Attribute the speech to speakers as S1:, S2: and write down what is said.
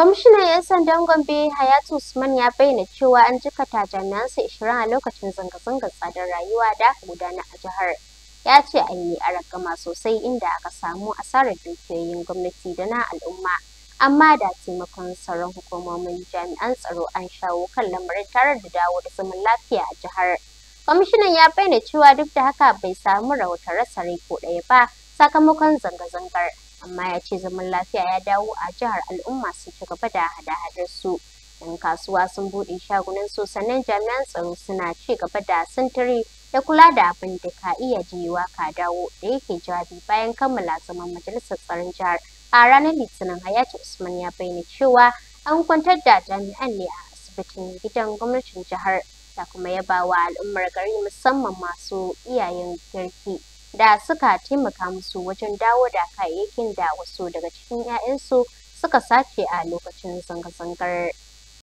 S1: Kwamishinan 'yan sandan Gombe Hayatu Usman ya bayyana cewa an jikata jami'ansa 20 a lokacin zanga-zangar tsadar rayuwa da aka gudana a jihar. Ya ce an yi aragama sosai inda aka samu asarar dukiyoyin gwamnati da na al'umma. Amma da taimakon tsaron hukumomin jami'an tsaro an shawo kan lamarin tare da dawo da zaman lafiya a jihar. Kwamishinan ya bayyana cewa duk da haka bai samu rahoton rasa rai ko ɗaya ba sakamakon zanga-zangar. amma ya ce zaman lafiya ya dawo a jihar al'umma su ci gaba da hada-hadar su yan kasuwa sun buɗe shagunan su sannan jami'an tsaro suna ci gaba da sintiri da kula da abin da ka iya jiwa ka dawo da yake jawabi bayan kammala zaman majalisar tsaron jihar a ranar litinin hayati usman ya bayyana cewa an kwantar da jami'an ne a asibitin gidan gwamnatin jihar da kuma yaba wa al'ummar gari musamman masu iyayen girki da suka taimaka musu wajen dawo da kayayyakin da wasu daga cikin 'ya'yansu suka sace
S2: a lokacin zanga-zangar.